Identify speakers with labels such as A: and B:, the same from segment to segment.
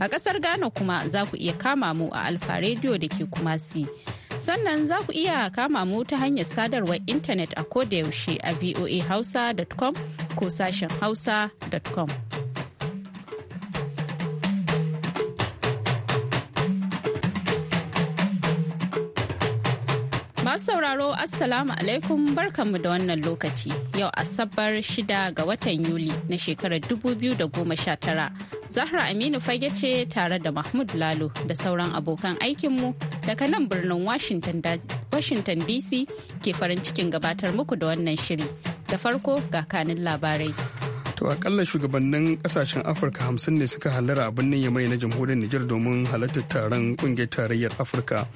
A: A ƙasar Ghana kuma za ku iya kama mu a Alfa Radio da ke Kumasi. Sannan za ku iya kama mu ta hanyar sadarwar intanet a kodayaushe a voahausa.com ko sashen hausa.com. Masu sauraro Assalamu alaikum barkanmu da wannan lokaci. Yau Asabar shida ga watan Yuli na shekarar 2019. Zahra Aminu fage ce tare da Mahmud Lalo da sauran abokan aikinmu daga nan birnin Washington DC ke farin cikin gabatar muku da wannan shiri. Da farko ga kanin labarai.
B: To akalla shugabannin kasashen Afirka hamsin ne suka halara a birnin Yamai na jamhuriyar Nijar domin halartar taron kungiyar tarayyar Afirka.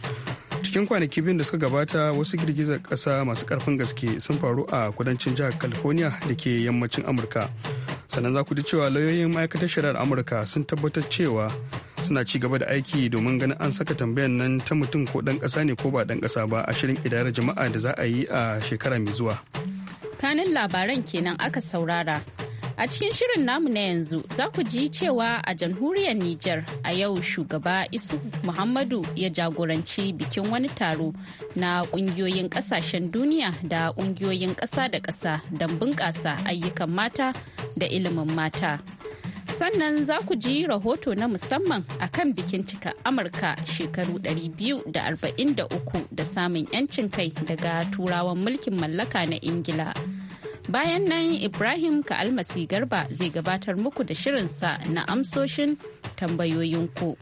B: cikin kwanaki biyun da suka gabata wasu girgizar ƙasa masu karfin gaske sun faru a kudancin jihar california da ke yammacin amurka sannan za ku ji cewa lauyoyin ma'aikatar shari'ar amurka sun tabbatar cewa suna ci gaba da aiki domin ganin an saka tambayar nan ta mutum ko ɗan ƙasa ne ko ba dan kasa ba a shirin idara jama'a da za a yi a shekara mai zuwa
A: kanin labaran kenan aka saurara A cikin shirin namu na yanzu za ku ji cewa a jamhuriyar Nijar a yau shugaba Isu Muhammadu ya jagoranci bikin wani taro na kungiyoyin kasashen duniya da kungiyoyin ƙasa da ƙasa don bunƙasa ayyukan mata da ilimin mata. Sannan za ku ji rahoto na musamman a kan bikin cika Amurka shekaru 243 da samun 'yancin kai daga turawan mulkin mallaka na Ingila. Bayan nan Ibrahim Ka'almasi Garba zai gabatar muku da shirinsa na amsoshin tambayoyinku.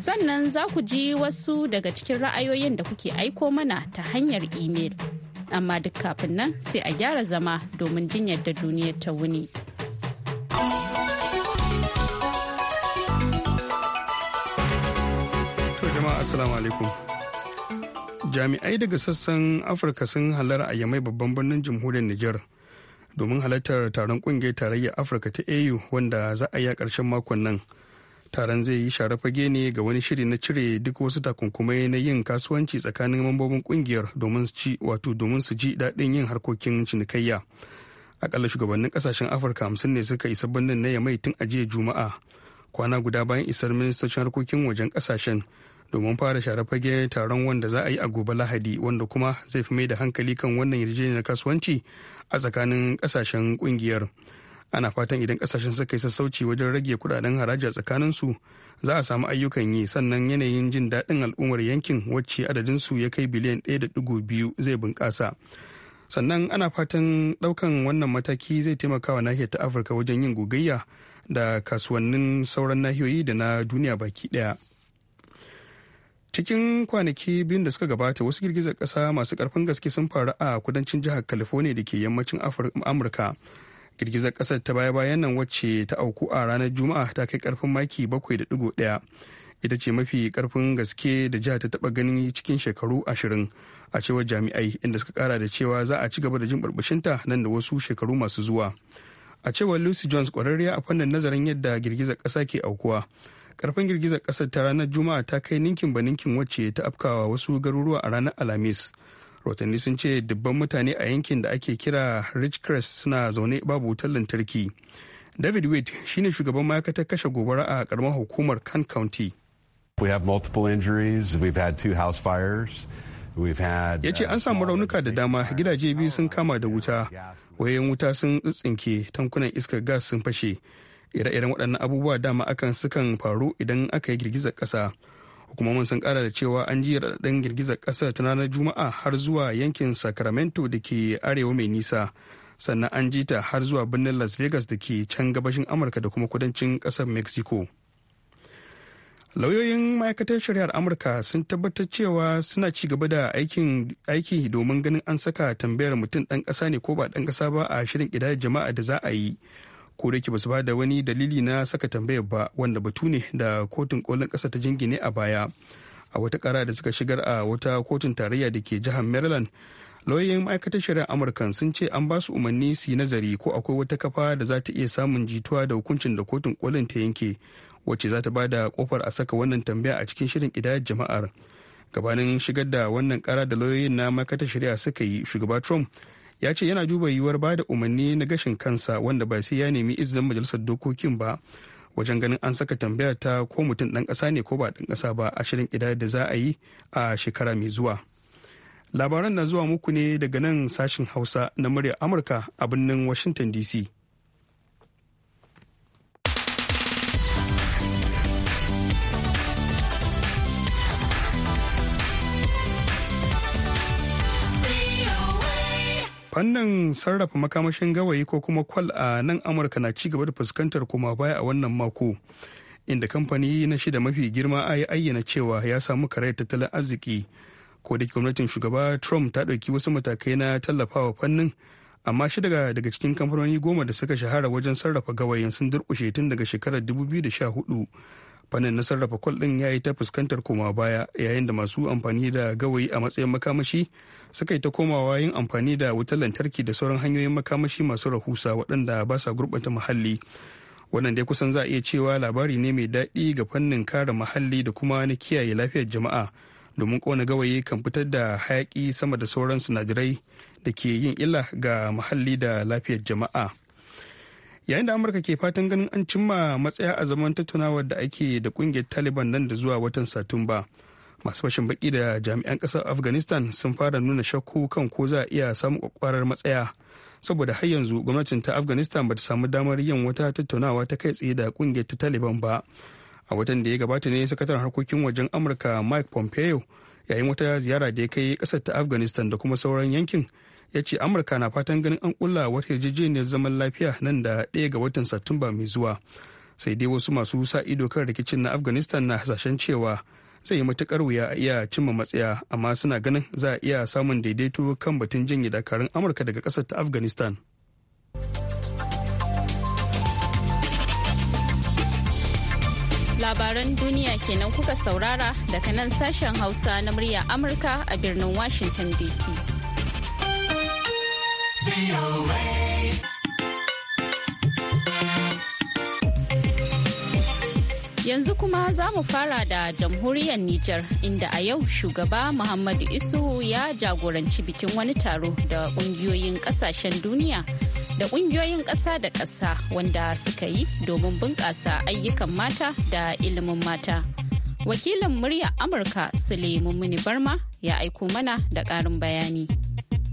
A: Sannan za ku ji wasu daga cikin ra'ayoyin da kuke aiko mana ta hanyar imel. Amma duk kafin nan sai a gyara zama domin jin yadda duniyar ta wuni.
B: To alaikum. Jami'ai daga sassan Afirka sun halar a yamai babban birnin jamhuriyar Nijar. domin halartar taron kungiyar tarayya afirka ta au wanda za a yi a ƙarshen makon nan taron zai yi share fage ne ga wani shiri na cire duk wasu takunkumai na yin kasuwanci tsakanin mambobin kungiyar domin su ci wato domin su ji daɗin yin harkokin cinikayya akalla shugabannin kasashen afirka hamsin ne suka isa birnin na yamai tun a jiya juma'a kwana guda bayan isar ministocin harkokin wajen kasashen domin fara share fage taron wanda za a yi a gobe lahadi wanda kuma zai fi mai da hankali kan wannan yarjejeniyar kasuwanci a tsakanin kasashen kungiyar ana fatan idan kasashen suka yi sassauci wajen rage kudaden haraji a su za a samu ayyukan yi sannan yanayin jin daɗin al'ummar yankin wacce adadin su ya kai biliyan 1.2 zai bunƙasa sannan ana fatan ɗaukan wannan mataki zai taimakawa nahiyar ta afirka wajen yin gogayya da kasuwannin sauran nahiyoyi da na duniya baki ɗaya. cikin kwanaki biyun da suka gabata wasu girgizar kasa masu karfin gaske sun faru a kudancin jihar california da ke yammacin amurka girgizar kasar ta baya-bayan nan wacce ta auku a ranar juma'a ta kai karfin maki bakwai da 7.1 ita ce mafi karfin gaske da jihar ta taba ganin cikin shekaru ashirin a cewar jami'ai inda suka kara da cewa za a ci gaba da jin barbashinta nan da wasu shekaru masu zuwa a cewar lucy jones kwararriya a fannin nazarin yadda girgizar kasa ke aukuwa karfin girgizar kasar ta ranar juma'a ta kai ninkin ba ninkin wacce ta afkawa wasu garuruwa a ranar alhamis rotanni sun ce dubban mutane a yankin da ake kira ridgecrest suna zaune babu wutar lantarki david wade shine shugaban ma'aikatar kashe gobara a karamar hukumar kan county we ya ce an uh, samu raunuka da dama gidaje biyu sun kama da wuta wayan wuta sun tsinke tankunan iskar gas sun fashe ire-iren waɗannan abubuwa dama akan sukan faru idan aka yi girgizar ƙasa hukumomin sun kara da cewa an ji raɗaɗin girgizar ƙasa ta ranar juma'a har zuwa yankin sacramento da ke arewa mai nisa sannan an ji ta har zuwa birnin las vegas da ke can gabashin amurka da kuma kudancin ƙasar mexico lauyoyin ma'aikatar shari'ar amurka sun tabbatar cewa suna ci gaba da aiki domin ganin an saka tambayar mutum ɗan ƙasa ne ko ba ɗan ƙasa ba a shirin ƙidayar jama'a da za a yi ko da ba su ba da wani dalili na saka tambayar ba wanda batu ne da kotun kolin kasa ta jingine a baya a wata kara da suka shigar a wata kotun tarayya da ke jihar maryland lauyoyin ma'aikatar shari'ar amurka sun ce an ba su umarni su yi nazari ko akwai wata kafa da za ta iya samun jituwa da hukuncin da kotun kolin ta yanke wacce za ta ba da kofar a saka wannan tambaya a cikin shirin ƙidayar jama'ar gabanin shigar da wannan kara da lauyoyin na ma'aikatar shari'a suka yi shugaba trump ya ce yana duba yiwuwar ba da umarni na gashin kansa wanda ba sai ya nemi izinin majalisar dokokin ba wajen ganin an saka tambaya ta ko mutum ɗan ƙasa ne ko ba ɗan ƙasa ba a shirin ƙidayar da za a yi a shekara mai zuwa labaran na zuwa muku ne daga nan sashin hausa na muryar amurka a birnin washington dc fannin sarrafa makamashin gawayi ko kuma kwal a nan amurka na ci gaba da fuskantar koma baya a wannan mako inda kamfani na shida mafi girma a yi ayyana cewa ya samu karayar tattalin arziki ko da gwamnatin shugaba trump ta ɗauki wasu matakai na tallafawa fannin amma shi daga cikin kamfanoni goma da suka shahara wajen sarrafa gawayin sun durkushe tun daga shekarar 2014 fannin na sarrafa kwal ɗin ya yi ta fuskantar koma baya yayin da masu amfani da gawayi a matsayin makamashi suka yi ta komawa yin amfani da wutar lantarki da sauran hanyoyin makamashi masu rahusa waɗanda ba sa gurɓata muhalli wannan dai kusan za a iya cewa labari ne mai daɗi ga fannin kare muhalli da kuma na kiyaye lafiyar jama'a domin kona gawayi kan fitar da hayaƙi sama da sauran sinadarai da ke yin illa ga muhalli da lafiyar jama'a. yayin da amurka ke fatan ganin an cimma matsaya a zaman tattaunawar da ake da kungiyar taliban nan da zuwa watan satumba masu fashin baki da jami'an kasar afghanistan sun fara nuna shakku kan ko za a iya samun kwakwarar matsaya saboda har yanzu gwamnatin ta afghanistan bata samu damar yin wata tattaunawa ta kai tsaye da kungiyar ta taliban ba a watan da ya gabata ne sakataren harkokin wajen amurka mike pompeo yayin wata ziyara da ya kai kasar ta afghanistan da kuma sauran yankin ya ce amurka na fatan ganin an kulla wata yarjejeniyar zaman lafiya nan da ɗaya ga watan satumba mai zuwa sai dai wasu masu sa ido kan rikicin na afghanistan na hasashen cewa zai yi matukar wuya a iya cimma matsaya amma suna ganin za a iya samun daidaito kan batun jinya dakarun amurka daga ƙasar ta afghanistan
A: labaran duniya kenan kuka saurara daga nan sashen hausa na murya amurka a birnin washington dc Yanzu kuma za mu fara da jamhuriyar Nijar inda a yau shugaba Muhammadu Isu ya jagoranci bikin wani taro da ƙungiyoyin ƙasashen duniya da ƙungiyoyin ƙasa da ƙasa wanda suka yi domin bunƙasa ayyukan mata da ilimin mata. Wakilin murya Amurka Suleiman Muni Barma ya aiko mana da ƙarin bayani.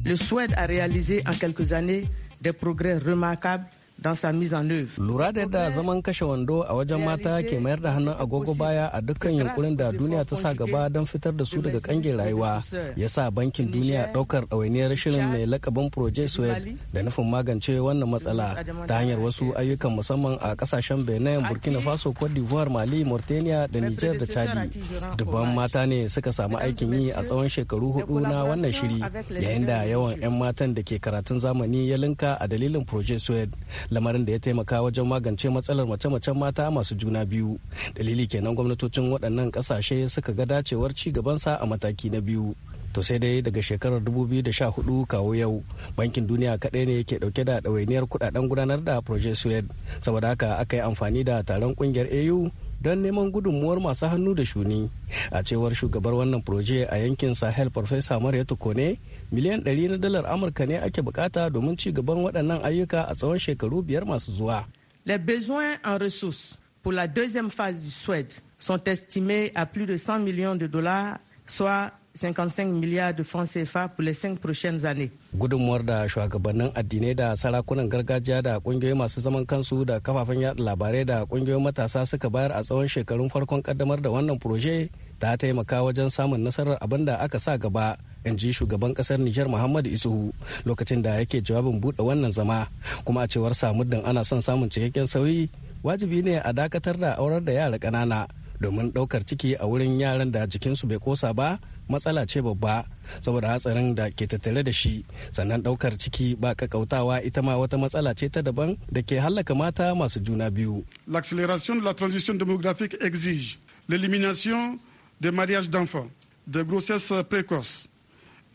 C: Le Suède a réalisé en quelques années des progrès remarquables don sa mise en œuvre. Lura da yadda zaman kashe wando a wajen mata ke mayar da hannun agogo baya a dukkan yunkurin da duniya ta sa gaba don fitar da su daga kangin rayuwa ya sa bankin duniya daukar ɗawainiyar shirin mai lakabin Project Suwed da nufin magance wannan matsala ta hanyar wasu ayyukan musamman a kasashen Benin, Burkina Faso, Cote d'Ivoire, Mali, Mauritania da Niger da Chadi. Dubban mata ne suka samu aikin yi a tsawon shekaru hudu na wannan shiri yayin da yawan 'yan matan da ke karatun zamani ya linka a dalilin Project Suwed. lamarin da ya taimaka wajen magance matsalar mace-macen mata masu juna biyu dalili kenan gwamnatocin waɗannan ƙasashe suka ga dacewar ci gabansa a mataki na biyu to sai dai daga shekarar 2014 kawo yau bankin duniya kaɗai ne yake ɗauke da ɗawainiyar kuɗaɗen gudanar da project suwed saboda haka aka yi amfani da taron ƙungiyar au don neman gudunmuwar masu hannu da shuni a cewar shugabar wannan proje a yankin sahel farfesa maryatu kone miliyan 100 na dalar amurka ne ake bukata domin ci gaban waɗannan ayyuka a tsawon shekaru biyar masu zuwa les besoins en ressources pour la deuxième phase du suède sont estimés à plus de 100 millions de dollars soit 55 milliards de francs CFA pour les 5 prochaines années. Gudunmuwar da shugabannin addinai da sarakunan gargajiya da kungiyoyin masu zaman kansu da kafafen yada labarai da kungiyoyin matasa suka bayar a tsawon shekarun farkon kaddamar da wannan proje ta taimaka wajen samun nasarar abin da aka sa gaba in ji shugaban kasar Nijar Muhammadu Isuhu lokacin da yake jawabin buɗe wannan zama kuma a cewar samuddin ana son samun cikakken sauyi wajibi ne a dakatar da aurar da yara ƙanana domin ɗaukar ciki a wurin yaran da jikinsu bai kosa ba matsala ce babba saboda hatsarin da ke tattare da shi sannan ɗaukar ciki ba kakautawa ita ma wata matsala ce ta daban da ke hallaka mata masu juna biyu.
B: L'accélération de la transition démographique exige l'élimination des mariages d'enfants, de grossesse précoces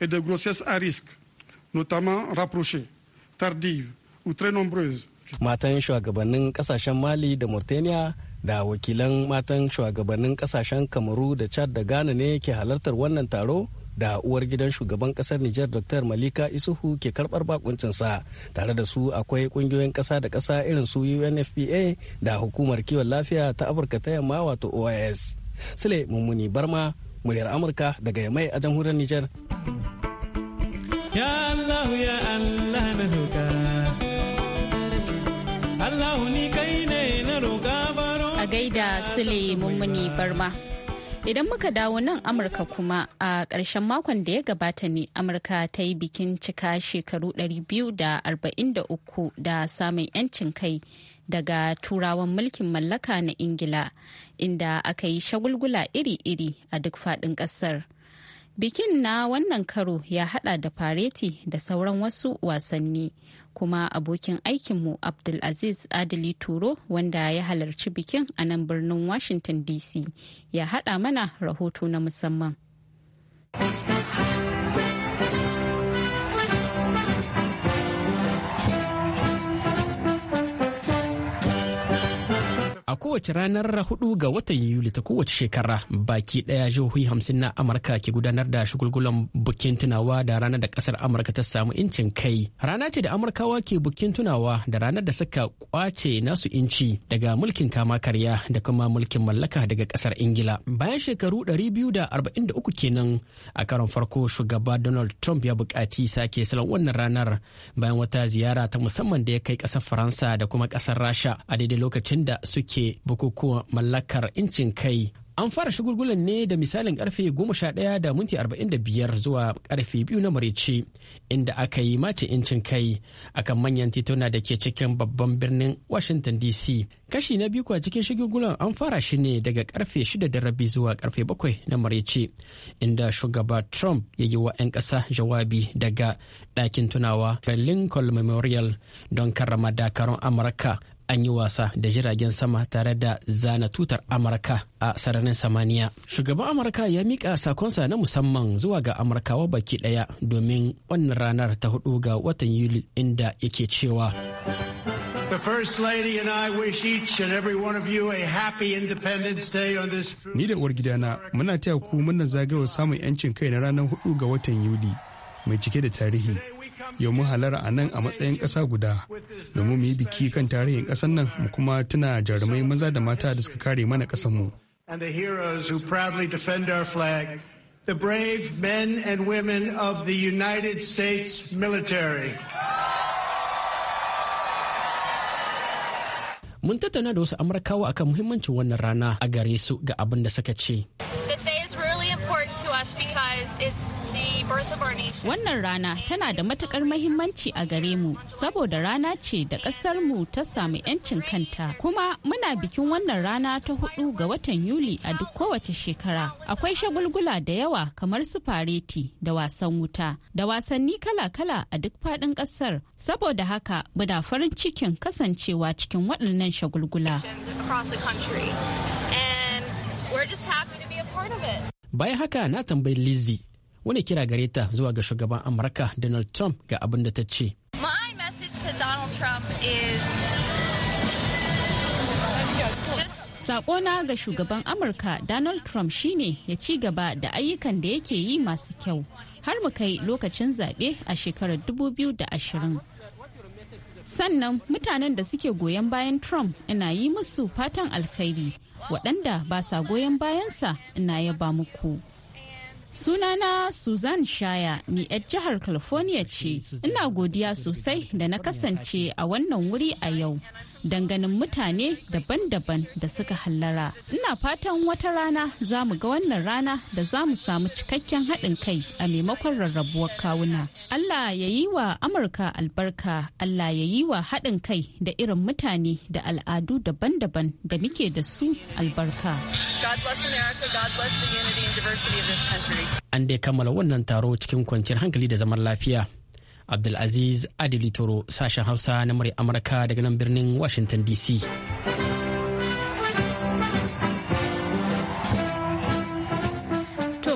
B: et de grossesse à risque, notamment rapprochées, tardives ou très nombreuses.
C: Matan shugabannin kasashen Mali da Mauritania da wakilan matan shugabannin kasashen kamaru da chad da ghana ne ke halartar wannan taro da uwar gidan shugaban kasar Nijar Dr. Malika Isuhu ke karbar bakuncinsa tare da su akwai kungiyoyin kasa da kasa irin su UNFPA da hukumar kiwon lafiya ta Afirka ta yamma wato OIS. Sule Mummuni Barma muryar Amurka daga Yamai a jamhuriyar Nijar. Allah ya Allah na
A: Allah ni kai gaida Sule Mummuni Barma. Idan muka dawo nan Amurka kuma a ƙarshen makon da ya gabata ne Amurka ta yi bikin cika shekaru 243 da samun 'yancin kai daga turawan mulkin mallaka na Ingila inda aka yi shagulgula iri-iri a duk faɗin ƙasar. Bikin na wannan karo ya hada da fareti da sauran wasu wasanni kuma abokin aikinmu Abdulaziz Adili Turo wanda ya halarci bikin a nan birnin Washington DC ya haɗa mana rahoto na musamman.
D: a kowace ranar hudu ga watan yuli ta kowace shekara baki daya jihohi hamsin na amurka ke gudanar da shugulgulan bukin tunawa da ranar da kasar amurka ta samu incin kai rana ce da amurkawa ke bukin tunawa da ranar da suka kwace nasu inci daga mulkin kama karya da kuma mulkin mallaka daga kasar ingila bayan shekaru 243 kenan a karon farko shugaba donald trump ya buƙaci sake salon wannan ranar bayan wata ziyara ta musamman da ya kai ƙasar faransa da kuma ƙasar rasha a daidai lokacin da suke bukukuwan mallakar incin kai an fara shagulgulan ne da misalin karfe goma sha 11 da minti arba'in da biyar zuwa karfe biyu na marece inda aka yi mace incin kai akan manyan tituna da ke cikin babban birnin washington dc kashi na biyu kuwa cikin shagulgulan an fara shi ne daga karfe 6 da rabi zuwa karfe 7 na marici inda shugaba trump ya yi wa 'yan kasa jawabi daga ɗakin tunawa lincoln memorial don karrama dakarun amurka an yi wasa da jiragen sama tare da zana tutar amurka a sararin samaniya shugaban amurka ya mika sakonsa na musamman zuwa ga amurkawa baki daya domin wannan ranar ta hudu ga watan yuli inda yake
B: cewa Ni da uwar gidana muna taya ku muna zagayowar samun 'yancin kai na ranar hudu ga watan Yuli mai cike da tarihi. yau mu halara a nan a matsayin ƙasa guda domin mu yi biki kan tarihin ƙasar nan mu kuma tuna jarumai maza da mata da suka kare mana ƙasar mu.
E: And the heroes who proudly defend our flag, the brave
D: men and women of the United States military. Mun tattauna da wasu Amurkawa akan muhimmancin wannan rana a gare su ga abin da suka ce.
A: This day is really important to us because it's Wannan rana tana da matukar mahimmanci a gare mu saboda rana ce da ƙasar mu ta samu 'yancin kanta kuma muna bikin wannan rana ta hudu ga watan Yuli a duk kowace shekara. Akwai shagulgula da yawa kamar su fareti da wasan wuta da wasanni kala-kala a duk faɗin ƙasar saboda haka muna farin cikin kasancewa cikin waɗannan shagulgula. Bayan haka na tambayi
D: Lizzie wani kira gare ta zuwa ga shugaban amurka donald trump ga abin da ta ce
A: Sakona ga shugaban Amurka Donald Trump shine ya ci gaba da ayyukan da yake yi masu kyau har mu kai lokacin zaɓe a shekarar 2020. Sannan mutanen da suke goyon bayan Trump ina yi musu fatan alkhairi waɗanda ba sa goyon bayansa ina yaba muku. Sunana Suzanne Shaya ni 'yar jihar California ce. Ina godiya sosai da na kasance a wannan wuri a yau. Danganin mutane daban-daban da suka hallara. Ina fatan wata rana za mu ga wannan rana da za mu samu cikakken haɗin kai a maimakon rarrabuwar kawuna. Allah ya yi wa Amurka albarka, Allah ya yi wa haɗin kai da irin mutane da al'adu daban-daban da muke da su albarka. An dai
D: kammala wannan taro cikin kwanciyar hankali da zaman lafiya. Abdulaziz adilitoro sashen Hausa na murya Amurka daga nan birnin Washington DC.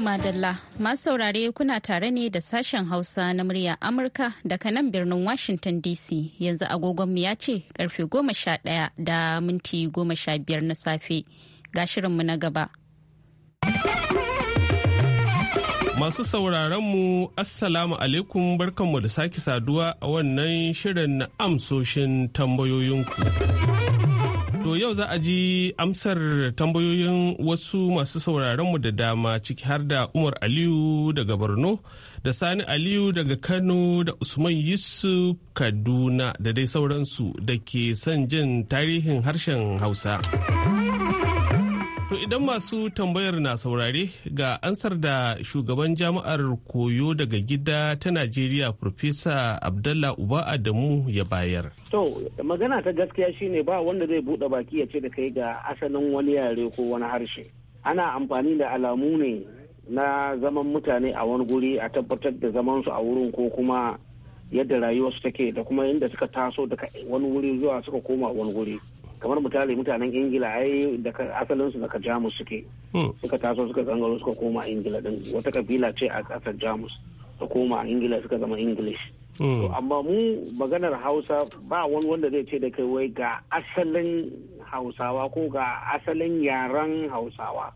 A: Madalla masu saurare kuna tare ne da sashen Hausa na murya Amurka daga nan birnin Washington DC yanzu agogonmu ya ce karfe goma sha 11 da minti biyar na safe ga shirinmu na gaba.
F: Masu sauraronmu, Assalamu alaikum barkanmu da sake saduwa a wannan shirin na amsoshin tambayoyinku. To yau za a ji amsar tambayoyin wasu masu sauraronmu da dama ciki har da Umar Aliyu daga Borno, da Sani Aliyu daga Kano, da Usman Yusuf Kaduna da dai sauransu da ke son jin tarihin harshen Hausa. To idan masu tambayar na saurare ga ansar da shugaban jami'ar koyo daga gida ta Najeriya Profesa Abdallah Uba Adamu ya bayar.
G: To magana ta gaskiya shine ba wanda zai buɗe baki ya ce da kai ga asalin wani yare ko wani harshe. Ana amfani da alamu ne na zaman mutane a wani guri a tabbatar da zaman su a wurin ko kuma yadda rayuwarsu take da kuma inda suka taso daga wani wuri zuwa suka koma wani wuri. kamar misali mutanen ingila ai da asalin su daga jamus suke hmm. suka taso suka zangaro suka koma ingila din wata kabila ce a kasar jamus ta koma ingila suka zama english hmm. amma mu maganar hausa ba wani wanda zai ce da kai wai ga asalin hausawa ko ga asalin yaren hausawa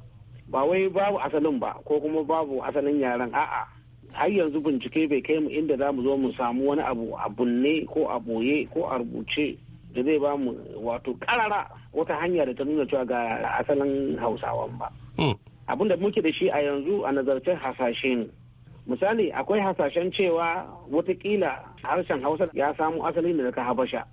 G: ba wai babu asalin ba ko kuma babu asalin yaren a'a har yanzu bincike bai kai mu inda za mu zo mu samu wani abu a bunne ko a boye ko a rubuce da zai ba mu wato karara wata hanya da ta nuna cewa ga asalin Hausawa ba hmm. abin da muke da shi a yanzu a nazarcen hasashe ne misali akwai hasashen cewa watakila harshen hausa ya samu asali ne daga habasha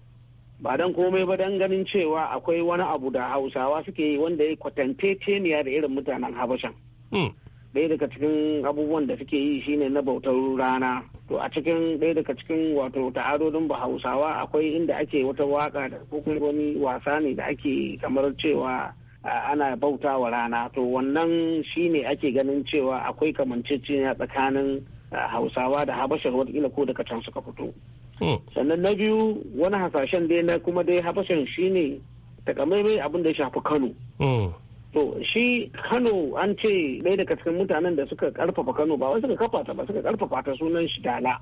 G: ba dan komai ba dan ganin cewa akwai wani abu da hausawa suke yi wanda ya kwatanteceniya da irin mutanen habashan hmm. ɗaya daga cikin abubuwan da suke yi shine na bautar rana to a cikin ɗaya daga cikin wato ta'adodin bahausawa akwai inda ake wata waka da ko wasa ne da ake kamar cewa ana bauta wa rana to wannan shine ake ganin cewa akwai kamanceceniya tsakanin hausawa da habashar watakila ko daga can suka fito hmm. sannan na biyu wani hasashen dai na kuma dai habashan shine takamaimai abin da ya shafi kano hmm. To shi Kano an ce ɗaya daga cikin mutanen da suka karfafa Kano ba wai suka kafa ta ba suka karfafa ta sunan shi Dala.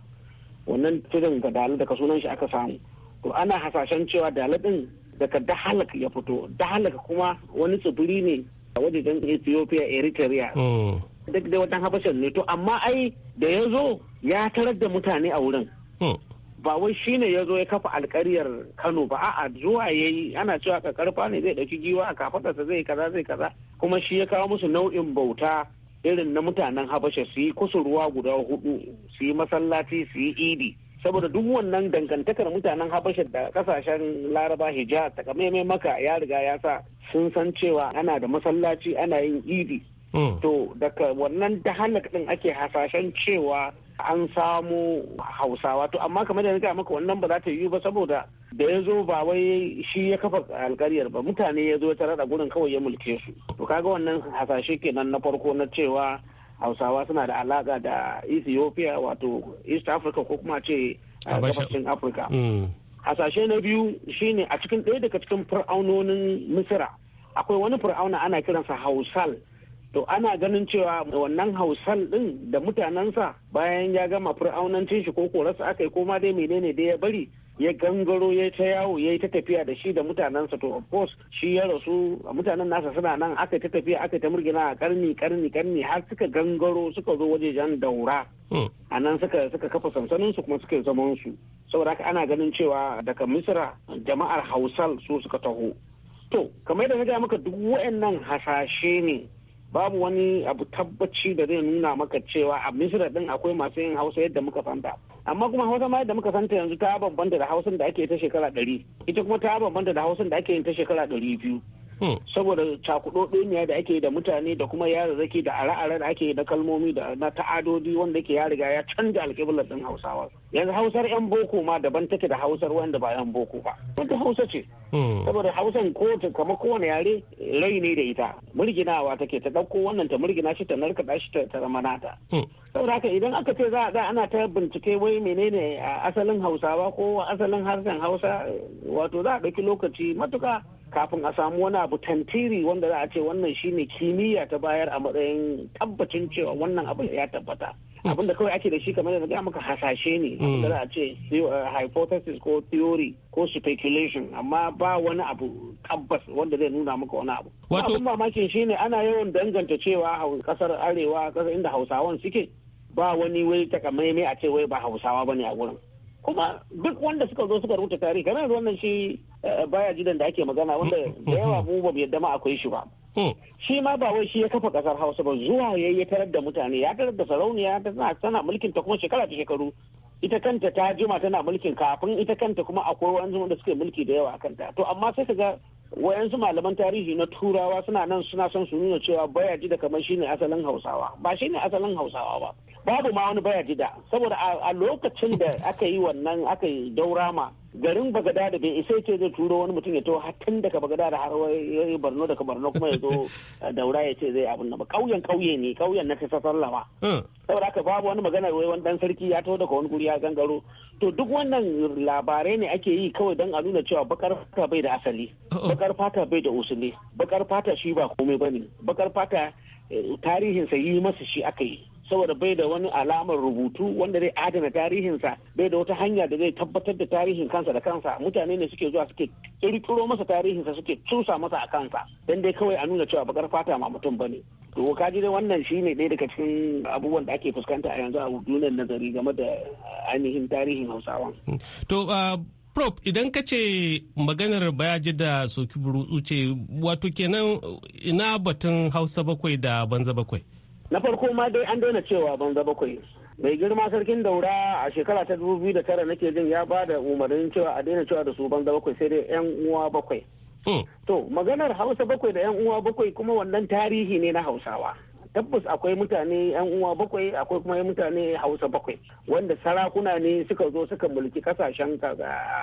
G: Wannan tudun ga Dala daga sunan shi aka samu. To ana hasashen cewa Dala din daga Dahalak ya fito. Dahalak kuma wani tsibiri ne a wajejen Ethiopia Eritrea. Hmm. Duk da watan Habashan ne to amma ai da ya zo ya tarar da mutane a wurin. Hmm. ba wai shine ya zo ya kafa alkariyar kano ba a'a zuwa ya yi ana cewa karfa ne zai ɗauki giwa a kafaɗarsa zai kaza zai kaza kuma shi ya kawo musu nau'in bauta irin na mutanen habasha su yi kusurwa guda hudu su yi masallaci su yi idi saboda duk wannan dangantakar mutanen habasha da kasashen laraba hijaz ta kamaimai maka ya riga ya sa sun san cewa ana da masallaci ana yin idi hmm. to daga wannan da halak din ake hasashen cewa an samo hausawa to amma kamar da na maka wannan ba za ta yi ba saboda da ya zo ba wai shi ya kafa alkariyar ba mutane ya zo ta rada gurin kawai ya mulke su to kaga wannan hasashe kenan na farko na cewa hausawa suna da alaka da ethiopia wato east africa ko kuma ce gabashin africa mm. hasashe na biyu shine a cikin ɗaya daga cikin fir'aunonin misira akwai wani fir'auna ana kiransa hausal to ana ganin cewa wannan hausan din da mutanensa bayan ya gama fir'aunancin shi ko korarsa aka yi koma dai menene dai ya bari ya gangaro ya ta yawo ya yi ta tafiya da shi da mutanensa to of course shi ya rasu mutanen nasa suna nan aka ta tafiya aka ta murgina a karni karni karni har suka gangaro suka zo jan daura hmm. a nan suka suka kafa sansanin su kuma suka zaman su saboda haka ana ganin cewa daga misira jama'ar hausal su suka taho to kamar yadda na gaya maka duk wayannan hasashe ne babu wani abu tabbaci da zai nuna maka cewa a misira din akwai masu yin hausa yadda muka santa amma kuma hausa ma yadda muka santa yanzu ta bambanta da hausan da ake ta shekara ɗari ita kuma ta bambanta da hausan da ake yin ta shekara ɗari biyu saboda cakudodoniya da ake da mutane da kuma yararraki da are-are da ake da kalmomi da na ta'adodi wanda ke ya riga ya canja alƙibla ɗin hausawa yanzu hausar yan boko ma daban take da hausar wanda ba yan boko ba wanda hausa ce saboda hausan ko ta kama kowane yare rai ne da ita murginawa take ta ɗauko wannan ta murgina shi ta narkaɗa shi ta nata saboda haka idan aka ce za a ana ta bincike wai menene asalin hausawa ko asalin harshen hausa wato za a ɗauki lokaci matuka kafin a samu wani abu tantiri wanda za a ce wannan shine kimiyya ta bayar a matsayin tabbacin cewa wannan abu ya tabbata abin da kawai ake da shi kamar da ga maka hasashe ne hmm. da za a ce uh, hypothesis ko theory ko speculation amma ba wani abu tabbas wanda zai nuna maka wani abu wato abin mamakin shine ana yawan danganta cewa kasar arewa kasar inda hausawan suke ba wani wai takamaimai a ce wai ba hausawa bane a wurin kuma duk wanda suka zo suka rubuta tarihi kamar yanzu wannan shi eh, baya jidan da ake magana wanda da yawa mu ba yadda ma akwai shi ba hmm. shi ma ba wai shi ya kafa kasar hausa ba zuwa ya ya tarar da mutane ya tarar da sarauniya tana tana mulkin ta kuma shekara ta shekaru ita kanta ta jima tana mulkin kafin ita kanta kuma akwai wani da suke mulki da yawa a kanta to amma sai ka ga wayansu malaman tarihi na turawa suna nan suna son su nuna cewa bayaji da kamar shine asalin hausawa ba shine asalin hausawa ba babu ma wani bayaji da saboda a lokacin da aka yi wannan aka yi daurama garin Bagada da bai isa ce zai turo wani mutum ya to hatan daga da har wai barno daga barno kuma ya zo daura ya ce zai abin ba kauyen kauye ne kauyen na ta sallawa hmm. saboda haka babu wani magana wai wani dan sarki ya to daga wani guri ya gangaro to duk wannan labarai ne ake yi kawai dan a nuna cewa bakar fata bai da asali bakar fata bai da usuli bakar fata shi ba komai bane bakar fata eh, sa yi masa shi aka yi saboda bai da wani alamar rubutu wanda zai adana tarihinsa bai da wata hanya da zai tabbatar da tarihin kansa da kansa mutane ne suke zuwa suke kirkiro masa tarihinsa suke cusa masa a kansa dan dai kawai a nuna cewa bakar fata ma mutum bane to ka ji dai wannan shine ɗaya daga cikin abubuwan da ake fuskanta a yanzu a duniyar nazari game da ainihin tarihin hausawan
F: to uh, Prof idan ka ce maganar bayaji da soki burutsu ce wato kenan ina batun hausa bakwai da banza bakwai.
G: na farko ma dai an daina cewa banza bakwai mai girma sarkin daura a shekara ta dubu biyu da tara nake jin ya ba da umarnin cewa a daina cewa da su banza bakwai sai dai yan uwa bakwai hmm. to maganar hausa bakwai da yan uwa bakwai kuma wannan tarihi ne na hausawa tabbas akwai mutane yan uwa bakwai akwai kuma mutane hausa bakwai wanda sarakuna ne suka zo suka mulki kasashen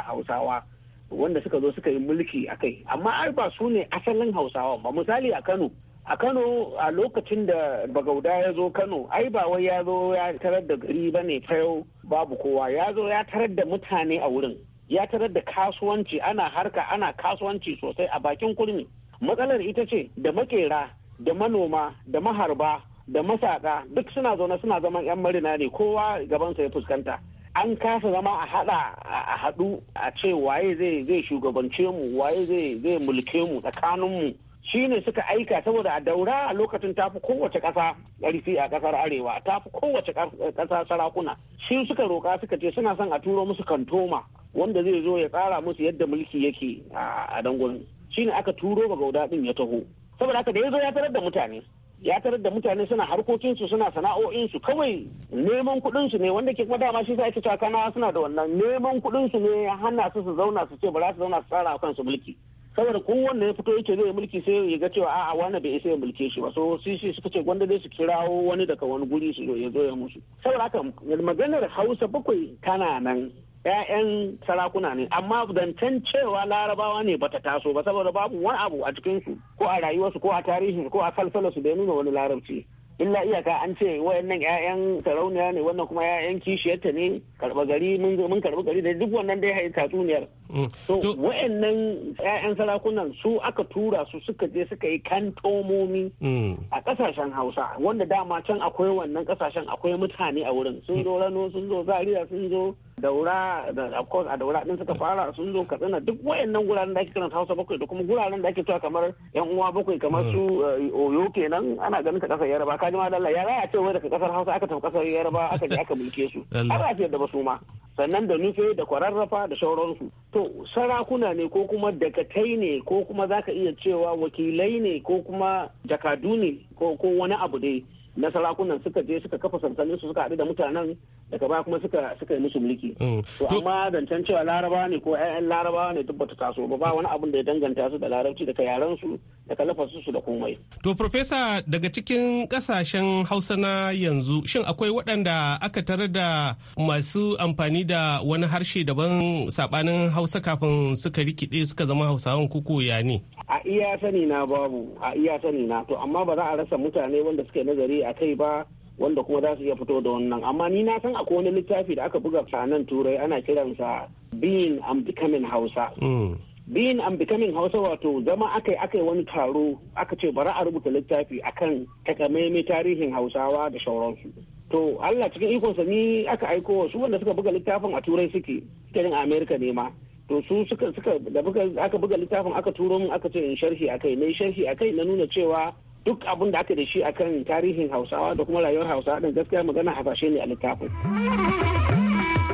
G: hausawa wanda suka zo suka yi mulki a kai amma ai ba su ne asalin hausawa ba misali a kano a kano a lokacin da bagauda ya zo kano ai ba wai ya zo ya tarar da gari ba ne yau babu kowa ya zo ya tarar da mutane a wurin ya tarar da kasuwanci ana harka ana kasuwanci sosai a bakin kurmi matsalar ita ce da makera da manoma da maharba da masaka duk suna zaune suna zaman yan marina ne kowa gabansa ya fuskanta an kasa zama a hada a hadu a ce waye zai shugabance mu waye zai zai mulke mu tsakanin mu shi ne suka aika saboda a daura a lokacin tafi kowace ƙasa ƙarfi a kasar arewa tafi kowace ƙasa sarakuna shi suka roƙa suka ce suna son a turo musu kantoma wanda zai zo ya tsara musu yadda mulki yake a dangon shi ne aka turo ba gauda ɗin ya taho saboda haka da ya zo ya tarar da mutane ya tarar da mutane suna harkokinsu suna sana'o'insu kawai neman kuɗinsu ne wanda ke kuma dama shi sa ake cakana suna da wannan neman kuɗinsu ne ya hana su su zauna su ce ba za su zauna su tsara kansu mulki saboda kowanne ya fito yake zai mulki sai ya ga cewa a'a wani bai isa ya mulke shi ba so sisi suka ce gwanda dai su kirawo wani daga wani guri su ya zo ya musu saboda haka maganar hausa bakwai tana nan ‘ya'yan sarakuna ne amma zancen cewa larabawa ne bata taso ba saboda babu wani abu a cikinsu ko a rayuwarsu ko a tarihinsu ko a falsalarsu da nuna wani larabci illa iyaka an ce wayannan ƴaƴan sarauniya ne wannan kuma ƴaƴan kishiyarta ne karɓa gari mun mun karɓi gari da duk wannan dai hayi tatsuniyar mm. to wayannan ƴaƴan sarakunan su aka tura su suka je suka yi kantomomi mm. a ƙasashen Hausa wanda dama can akwai wannan ƙasashen akwai mutane a wurin sun zo Rano sun zo Zaria sun zo daura da of course a daura din suka fara sun zo katsina duk wayannan guraren da ake kiran hausa bakwai da kuma guraren da ake cewa kamar yan uwa bakwai kamar su mm. eh, oyo kenan ana ganin ta kasar yarba kaji ma dalla ya ya ce wai daga kasar hausa aka tafi kasar yarba aka je aka mulke su ana fiye da basu ma sannan da nufe da kwararrafa da sauransu to sarakuna ne ko kuma dakatai ne ko kuma zaka iya cewa wakilai ne ko kuma jakadu ne ko wani abu dai na sarakunan suka je suka kafa sansanin su suka haɗu da mutanen daga baya kuma suka suka yi musu mulki mm. to amma zancen cewa laraba ne ko ƴaƴan laraba ne duk bata taso ba ba wani abin da ya danganta su da larabci daga yaran su daga lafasu su da komai
F: to professor daga cikin kasashen Hausa na yanzu shin akwai waɗanda aka tarar da masu amfani da wani harshe daban sabanin Hausa kafin suka rikide suka zama Hausawan kuko ya ne
G: a iya sani na babu a iya sani na to amma ba za a rasa mutane wanda suke nazari a kai ba wanda kuma za su iya fito da wannan amma ni na san akwai wani littafi da aka buga a turai ana kiransa being and becoming hausa hmm. being and becoming hausa wato zama aka yi aka yi wani taro aka ce bari a rubuta littafi akan takamaimai tarihin hausawa da sauransu to allah cikin ikonsa ni aka aiko wasu wanda suka buga littafin a turai suke cikin amerika ne ma to su suka suka da aka buga littafin aka turo min aka ce in sharhi akai na sharhi akai na nuna cewa duk abin da aka da shi akan tarihin hausawa da kuma rayuwar hausawa din gaskiya magana a fashe ne a littafin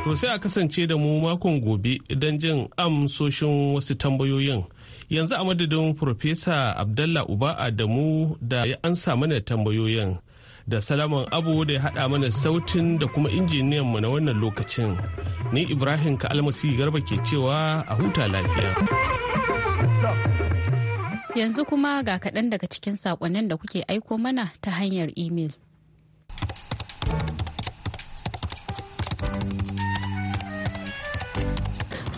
F: to sai a kasance da mu makon gobe don jin amsoshin wasu tambayoyin yanzu a madadin Profesa Abdallah Uba Adamu da ya ansa mana tambayoyin da salaman abu da ya haɗa mana sautin da kuma injiniyan mu na wannan lokacin ni ibrahim ka almasi garba ke cewa a huta lafiya
A: yanzu kuma ga kaɗan daga cikin saƙonnin da kuke aiko mana ta hanyar imel.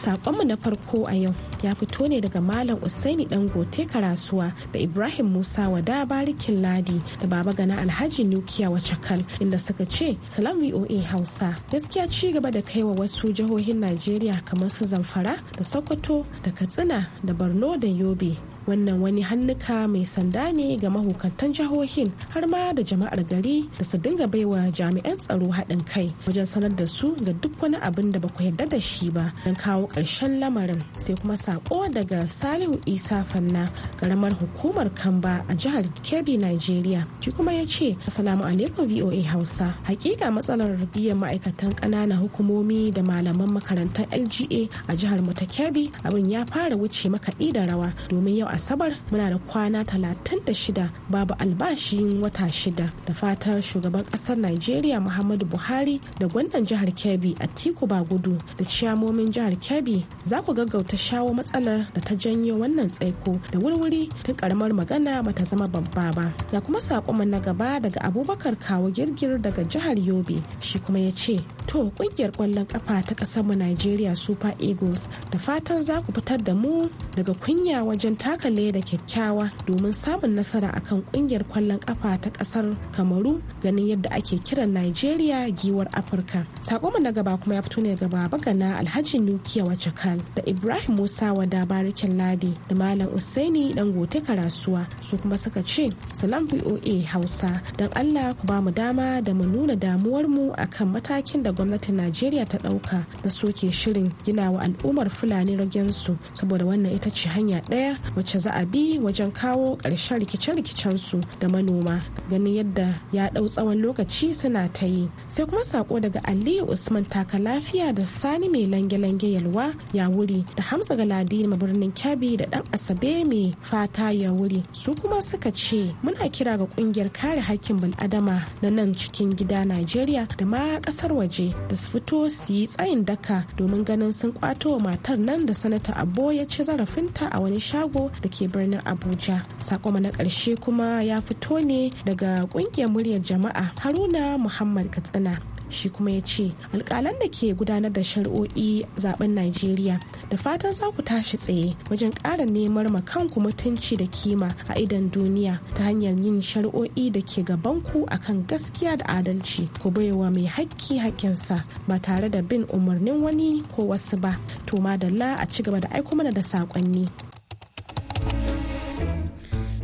H: Sakonmu na farko a yau ya fito ne daga Malam Usaini Dangote Karasuwa da Ibrahim Musa Wada Barikin Ladi da Baba Gana Alhaji Nukiya Wacakal inda suka ce Salam VOA Hausa gaskiya ci gaba da kaiwa wasu jihohin Najeriya kamar su Zamfara da Sokoto da Katsina da Borno da Yobe wannan wani hannuka mai sanda ne ga mahukantan jihohin har ma da jama'ar gari da su dinga baiwa jami'an tsaro haɗin kai wajen sanar da su ga duk wani abin da baku yarda da shi ba don kawo ƙarshen lamarin sai kuma saƙo daga salihu isa fanna karamar hukumar kamba a jihar kebbi nigeria shi kuma ya ce assalamu alaikum voa hausa hakika matsalar biyan ma'aikatan ƙananan hukumomi da malaman makarantar lga a jihar mu ta kebbi abin ya fara wuce makaɗi da rawa domin yau asabar muna da kwana 36 babu albashin wata shida da fatar shugaban kasar najeriya muhammadu buhari da gwandan jihar kebbi a tiku ba gudu da ciyamomin jihar kebbi za ku gaggauta shawo matsalar da ta janyo wannan tsaiko da wurwuri tun karamar magana ba ta zama babba ba ya kuma saƙo na gaba daga abubakar kawo girgir daga jihar yobe shi kuma ya ce to kungiyar kwallon kafa ta kasar mu Najeriya Super Eagles da fatan za ku fitar da mu daga kunya wajen taka taka da kyakkyawa domin samun nasara akan kungiyar kwallon kafa ta kasar kamaru ganin yadda ake kiran nigeria giwar afirka mu na gaba kuma ya fito ne gaba baba alhaji nukiya chakal da ibrahim musa wada barikin ladi da malam usaini gote karasuwa su kuma suka ce salam voa hausa don allah ku ba mu dama da mu nuna damuwarmu akan matakin da gwamnatin nigeria ta ɗauka na soke shirin gina wa al'ummar fulani ragensu saboda wannan ita ce hanya ɗaya wacce wacce za a bi wajen kawo ƙarshen rikice rikicen su da manoma ganin yadda ya ɗau tsawon lokaci suna ta yi sai kuma sako daga aliyu usman taka lafiya da sani mai lange-lange yalwa ya wuri da hamza galadi ma birnin kyabi da dan asabe mai fata ya wuri su kuma suka ce muna kira ga kungiyar kare hakkin bil'adama na nan cikin gida najeriya da ma ƙasar waje da su fito su yi tsayin daka domin ganin sun kwato matar nan da sanata abo ya ci zarafinta a wani shago da ke birnin abuja sakoma na ƙarshe kuma ya fito ne daga ƙungiyar muryar jama'a haruna muhammad katsina shi kuma ya ce alkalan da ke gudanar da shari'o'i zaben najeriya da fatan za ku tashi tsaye wajen ƙara neman makanku mutunci da kima a idan duniya ta hanyar yin shari'o'i da ke gabanku akan gaskiya da adalci ku baiwa mai haƙƙi haƙƙinsa ba tare da bin umarnin wani ko wasu ba to madalla a ci gaba da aiko mana da saƙonni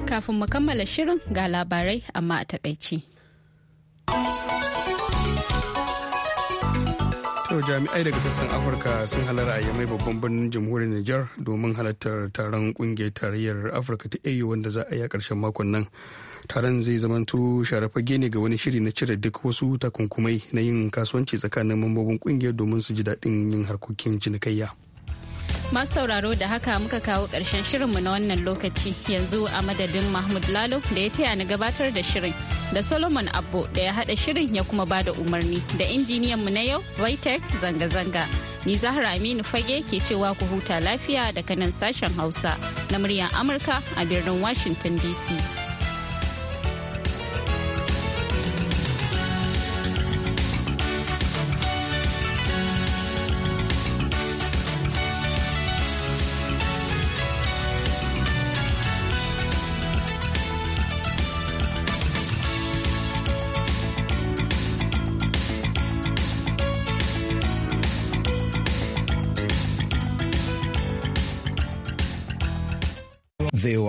A: Kafin mu kammala shirin ga labarai amma a takaici.
B: Yau jami'ai daga sassan Afirka sun halara a yamai babban birnin jamhuriyar Nijar domin halartar taron kungiyar tarayyar Afirka ta AU wanda za a yi a ƙarshen makon nan. Taron zai zamanto sharafage ne ga wani shiri na cire duk wasu takunkumai na yin kasuwanci tsakanin mambobin kungiyar domin su ji daɗin yin harkokin cinikayya.
A: Masu sauraro da haka muka kawo ƙarshen shirinmu na wannan lokaci yanzu a madadin Mahmud Lalo da ya taya ni gabatar da shirin da Solomon Abbo da ya haɗa shirin ya kuma ba da umarni da injiniyanmu na yau Vitek zanga-zanga. Ni Zahra Aminu Fage ke cewa ku huta lafiya daga nan sashen Hausa na muryar Amurka a birnin Washington DC.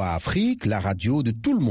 G: Afrique, la radio de tout le monde.